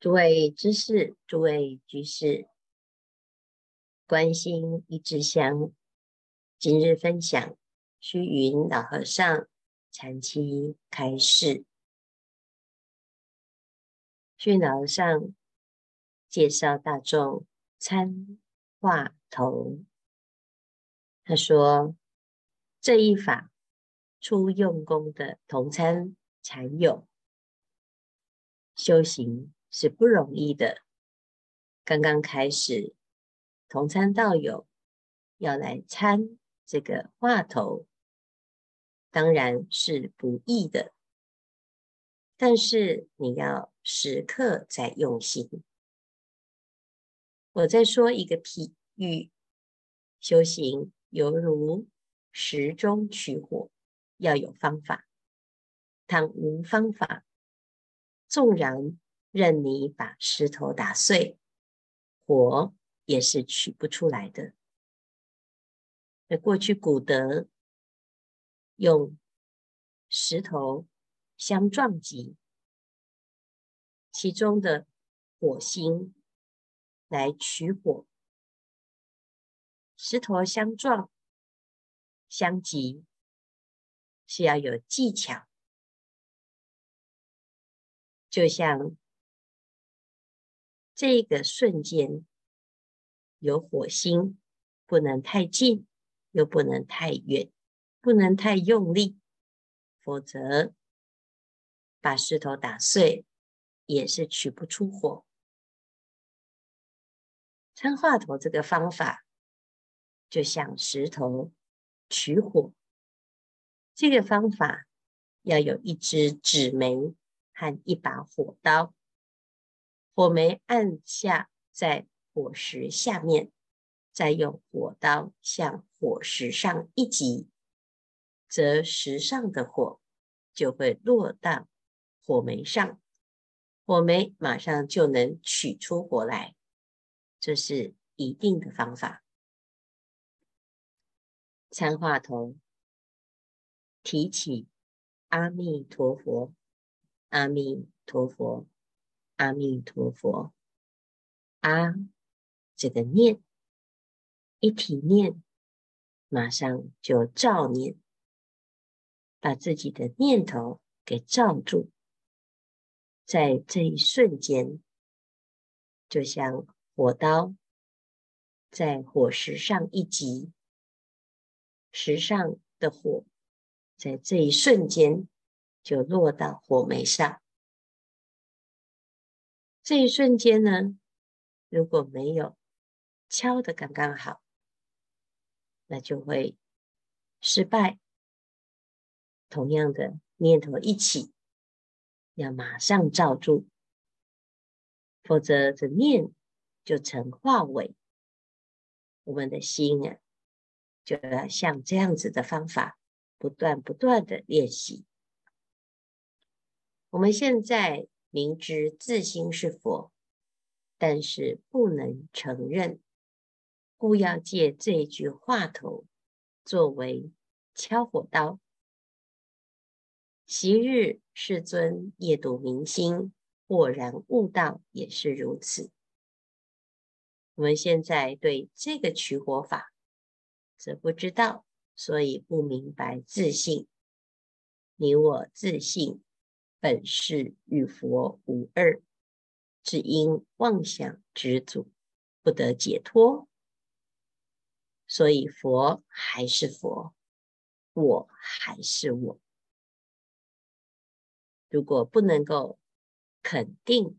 諸位知識，諸位居士，觀心一支香，今日分享虛雲老和尚禪七開示。虛老和尚介紹大眾參話頭，他說：“這一法初用功的同參禪友修行。”是不容易的。剛剛開始，同參道友要來參這個話頭，當然是不易的。但是你要時刻在用心。我再說一個譬喻：修行猶如石中取火，要有方法。倘無方法，縱然任你把石頭打碎，火也是取不出來的。那過去古德用石頭相撞擊，其中的火星來取火。石頭相撞相擊是要有技巧，就像。這個瞬間有火星，不能太近，又不能太遠，不能太用力，否則把石頭打碎也是取不出火。參話頭這個方法就像石頭取火，這個方法要有一支紙媒和一把火刀。火媒按下在火石下面，再用火刀向火石上一擊，則石上的火就會落到火媒上，火媒馬上就能取出火來。這是一定的方法。參話頭，提起阿彌陀佛，阿彌陀佛。阿彌陀佛，啊，這個念一體念，馬上就照念，把自己的念頭給照住，在這一瞬間，就像火刀在火石上一擊，石上的火在這一瞬間就落到火媒上。這一瞬間呢，如果沒有敲得剛剛好，那就會失敗。同樣的念頭一起，要馬上罩住，否則這念就成話尾。我們的心啊，就要像這樣子的方法，不斷不斷的練習。我們現在。明知自心是佛，但是不能承認，故要借這句話頭作為敲火刀。昔日世尊夜睹明星，豁然悟道，也是如此。我們現在對這個取火法則不知道，所以不明白自性。你我自性。本是與佛無二，只因妄想執着，不得解脫。所以佛還是佛，我還是我。如果不能夠肯定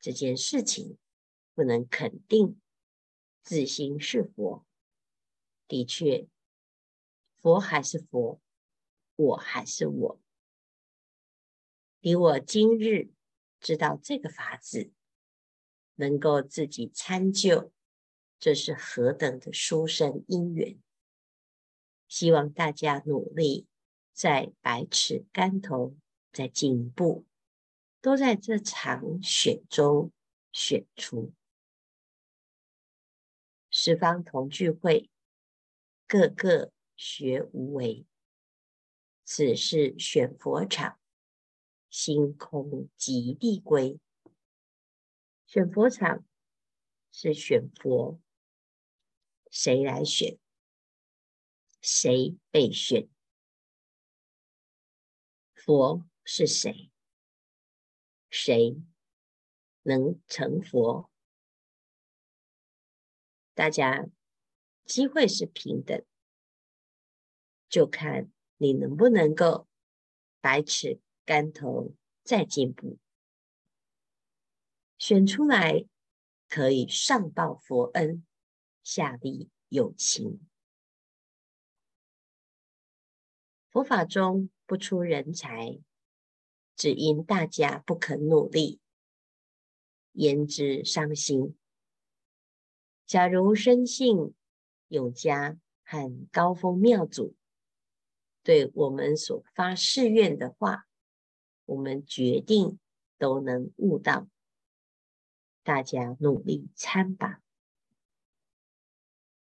這件事情，不能肯定自心是佛，的確，佛還是佛，我還是我。你我今日知道這個法子，能夠自己參究，這是何等的殊勝因緣！希望大家努力，在百尺竿頭，再進一步，都在這場選中選出。十方同聚會，個個學無為，此是選佛場。心空及第歸，選佛場是選佛，誰來選？誰被選？佛是誰？誰能成佛？大家機會是平等，就看你能不能夠百尺竿頭再進步，選出來可以上報佛恩，下利有情。佛法中不出人才，只因大家不肯努力，言之傷心。假如深信永嘉，和高峰妙祖，對我們所發誓願的話，我們決定都能悟道，大家努力參吧。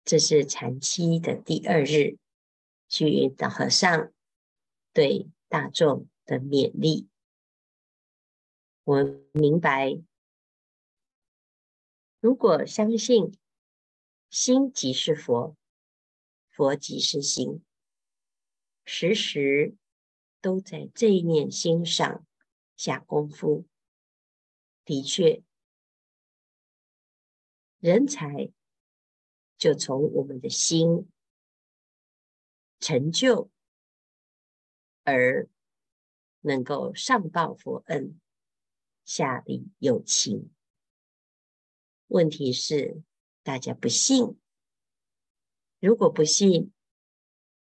這是禪七的第二日，虛雲老和尚對大眾的勉勵。我明白，如果相信心即是佛，佛即是心，時時，都在這一念心上下功夫，的確，人才就從我們的心成就，而能夠上報佛恩，下利有情。問題是，大家不信。如果不信，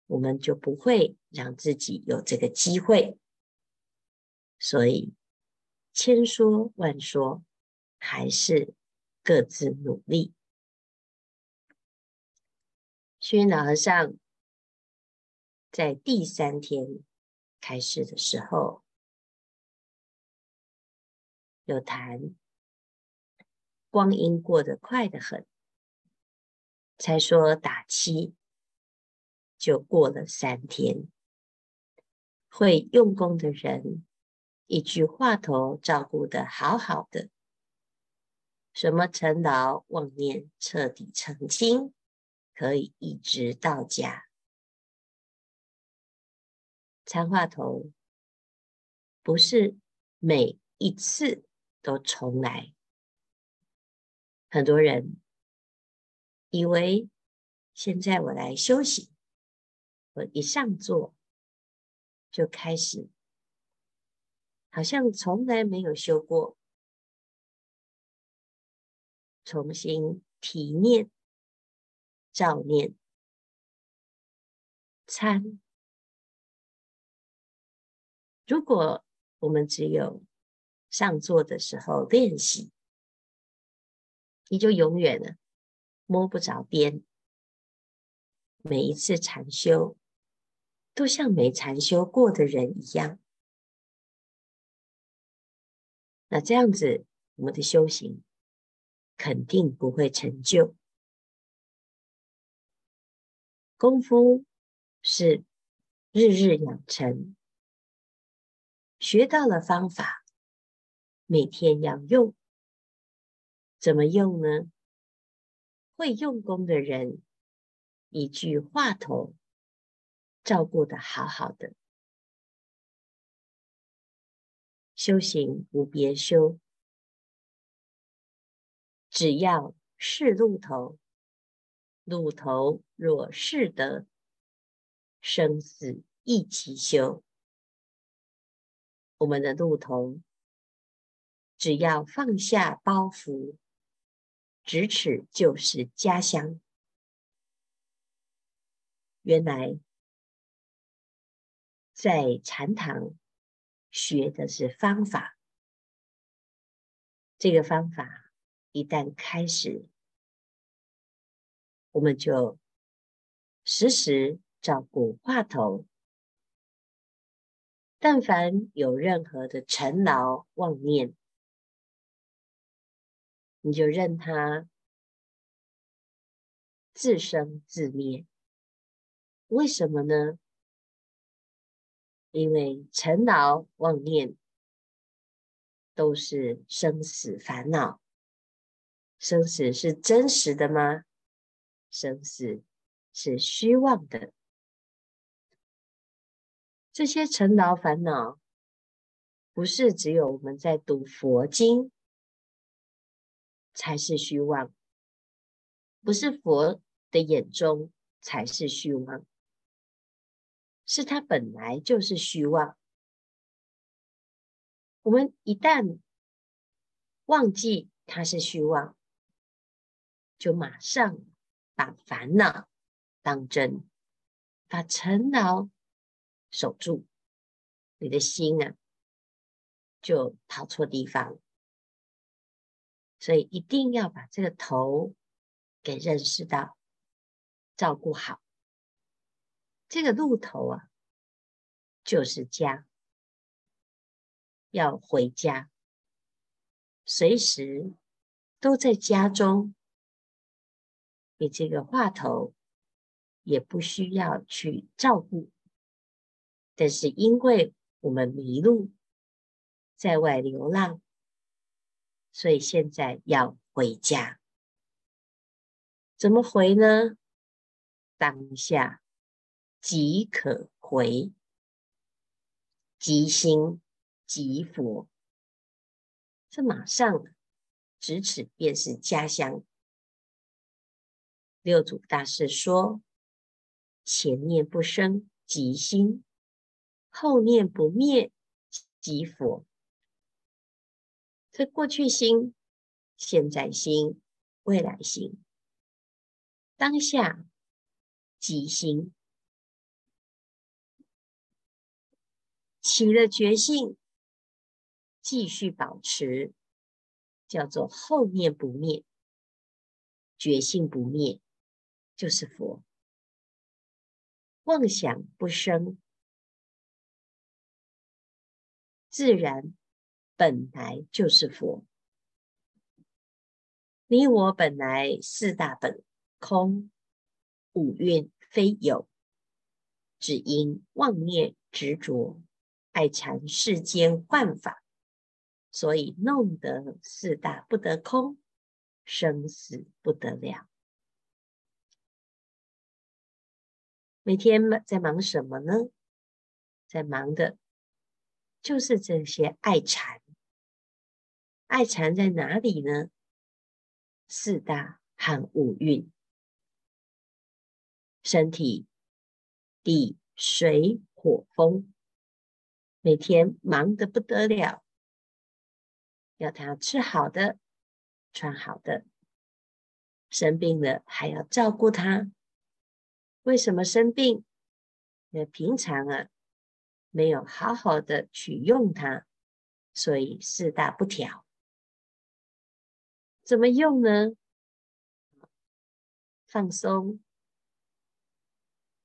我們就不會讓自己有這個機會，所以千說萬說，還是各自努力。虛雲老和尚在第三天開始的時候，有談光陰過得快得很，才說打七。就過了三天，會用功的人，一句話頭照顧得好好的，什麼塵勞妄念徹底澄清，可以一直到家。參話頭，不是每一次都重來。很多人以為，現在我來休息。我一上座就開始，好像從來沒有修過，重新體念、照念、參。如果我們只有上座的時候練習，你就永遠呢摸不着邊。每一次禪修。都像沒禪修過的人一樣，那這樣子，我們的修行肯定不會成就。功夫是日日養成，學到了方法，每天要用。怎麼用呢？會用功的人，一句話頭照顧得好好的，修行無別修，只要識路頭，路頭若識得，生死一齊休。我們的路頭，只要放下包袱，咫尺就是家鄉。原來。在禪堂學的是方法，這個方法一旦開始，我們就時時照顧話頭。但凡有任何的塵勞妄念，你就任它自生自滅。為什麼呢？因為塵勞妄念都是生死煩惱，生死是真實的嗎？生死是虛妄的。這些塵勞煩惱，不是只有我們在讀佛經才是虛妄，不是佛的眼中才是虛妄。是它本來就是虛妄，我們一旦忘記它是虛妄，就馬上把煩惱當真，把塵勞守住，你的心啊就跑錯地方了。所以一定要把這個頭給認識到，照顧好。這個路頭啊，就是家，要回家，隨時都在家中，你這個話頭也不需要去照顧。但是因為我們迷路，在外流浪，所以現在要回家，怎麼回呢？當下。即可回，即心即佛，這馬上咫尺便是家鄉。六祖大師說：“前念不生即心，後念不滅即佛。”這過去心、現在心、未來心、當下即心。起了決心，繼續保持，叫做後念不滅，覺性不滅，就是佛。妄想不生，自然本來就是佛。你我本來四大本空，五蘊非有，只因妄念執着。愛纏世間幻法，所以弄得四大不得空，生死不得了。每天在忙什麼呢？在忙的，就是這些愛纏。愛纏在哪裡呢？四大和五蘊，身體地水火風。每天忙得不得了，要他吃好的、穿好的，生病了還要照顧他。為什麼生病？因為平常啊，沒有好好的去用它，所以四大不調。怎麼用呢？放鬆，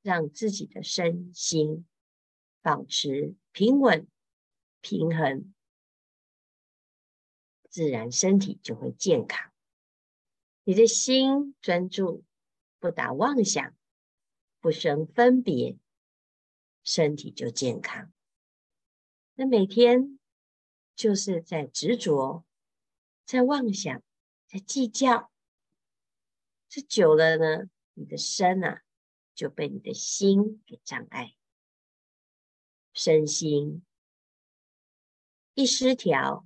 讓自己的身心保持，平穩、平衡，自然身體就會健康。你的心專注，不打妄想，不生分別，身體就健康。那每天就是在執着，在妄想，在計較。這久了呢，你的身啊，就被你的心給障礙。身心一失調，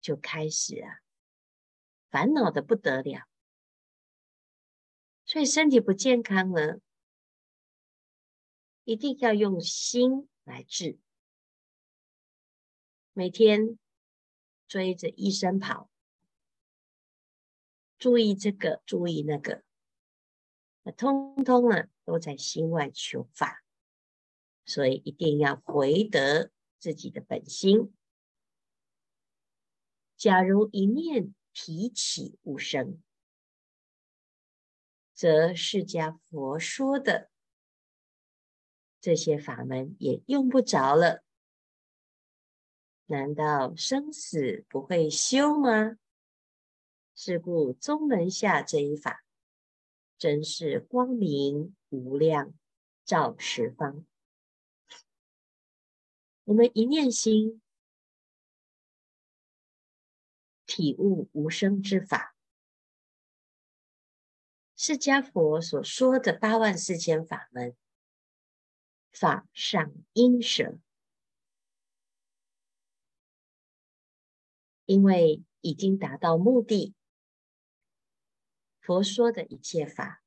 就開始啊，煩惱的不得了。所以身體不健康呢，一定要用心來治。每天追着醫生跑，注意這個，注意那個，啊、通通啊，都在心外求法。所以一定要回得自己的本心。假如一念體起無生，則釋迦佛說的這些法門也用不着了。難道生死不會休嗎？是故宗門下這一法，真是光明無量，照十方。我們一念心體悟無生之法，釋迦佛所說的八萬四千法門，法尚應捨，因為已經達到目的。佛說的一切法，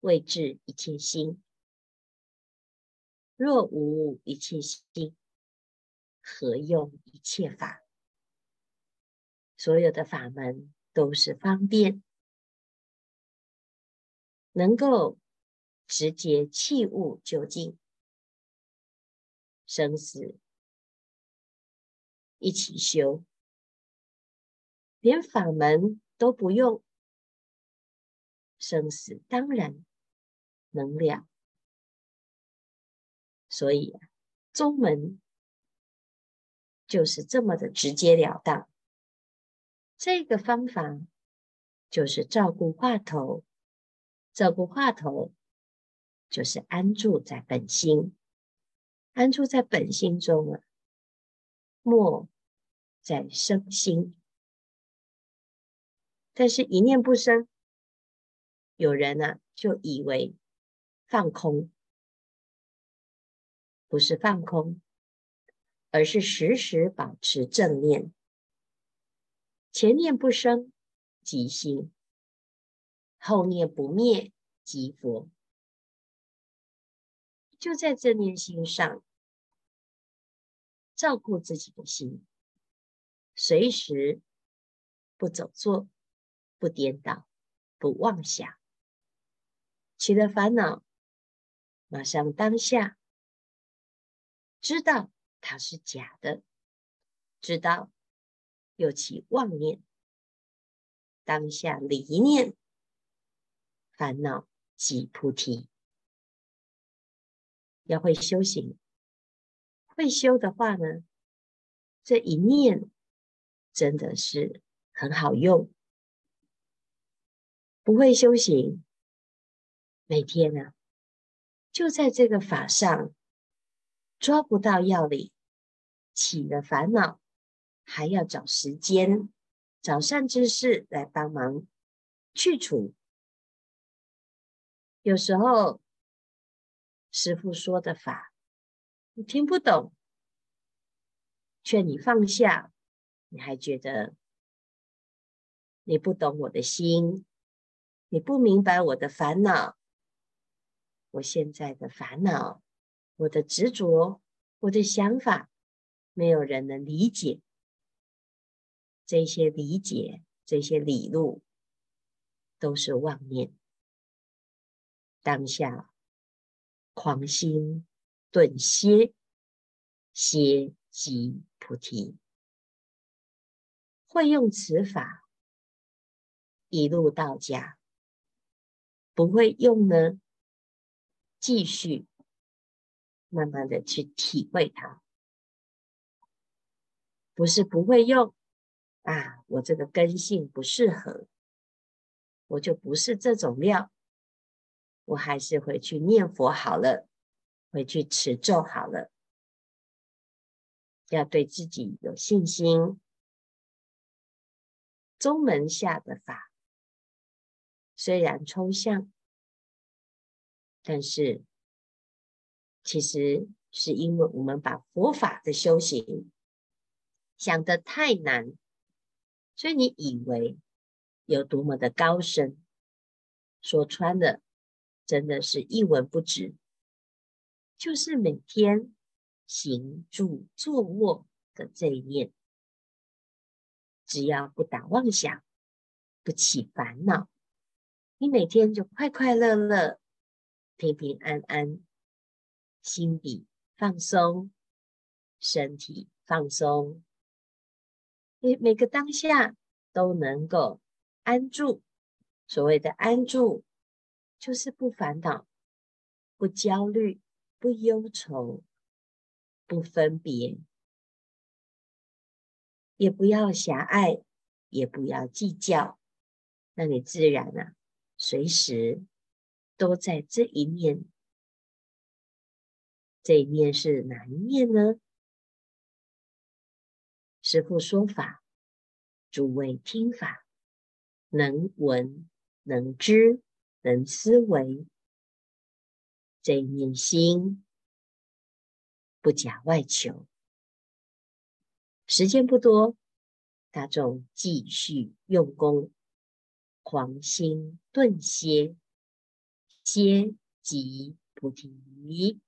為治一切心。若無一切心，何用一切法？所有的法門都是方便，能夠直接契悟究竟生死，一起修，連法門都不用，生死當然能了。所以啊，宗門就是這麼的直截了當。這個方法就是照顧話頭，照顧話頭就是安住在本心，安住在本心中啊，莫在生心。但是，一念不生，有人啊就以為放空。不是放空，而是時時保持正念，前念不生即心，後念不滅即佛。就在正念心上照顧自己的心，隨時不走錯、不顛倒、不妄想，起了煩惱，馬上當下。知道它是假的，知道有其妄念，當下的一念，煩惱即菩提。要會修行，會修的話呢，這一念真的是很好用。不會修行，每天呢就在這個法上。抓不到要領，起了煩惱，還要找時間，找善知識來幫忙去除。有時候師父說的法，你聽不懂，勸你放下，你還覺得你不懂我的心，你不明白我的煩惱，我現在的煩惱。我的執着，我的想法，沒有人能理解。這些理解，這些理路，都是妄念。當下狂心頓歇，歇即菩提。會用此法，一路到家；不會用呢，繼續。慢慢的去體會它，不是不會用啊，我這個根性不適合，我就不是這種料，我還是回去念佛好了，回去持咒好了，要對自己有信心。宗門下的法雖然抽象，但是。其實是因為我們把佛法的修行想得太難，所以你以為有多麼的高深，說穿了真的是一文不值。就是每天行住坐臥的這一面，只要不打妄想，不起煩惱，你每天就快快樂樂、平平安安。心底放鬆，身體放鬆，每每個當下都能夠安住。所謂的安住，就是不煩惱、不焦慮、不憂愁、不分別，也不要狹隘，也不要計較。那你自然啊，隨時都在這一面。這一面是哪一面呢？師父說法，諸位聽法，能聞能知能思維，這一面心不假外求。時間不多，大眾繼續用功，狂心頓歇，歇即菩提。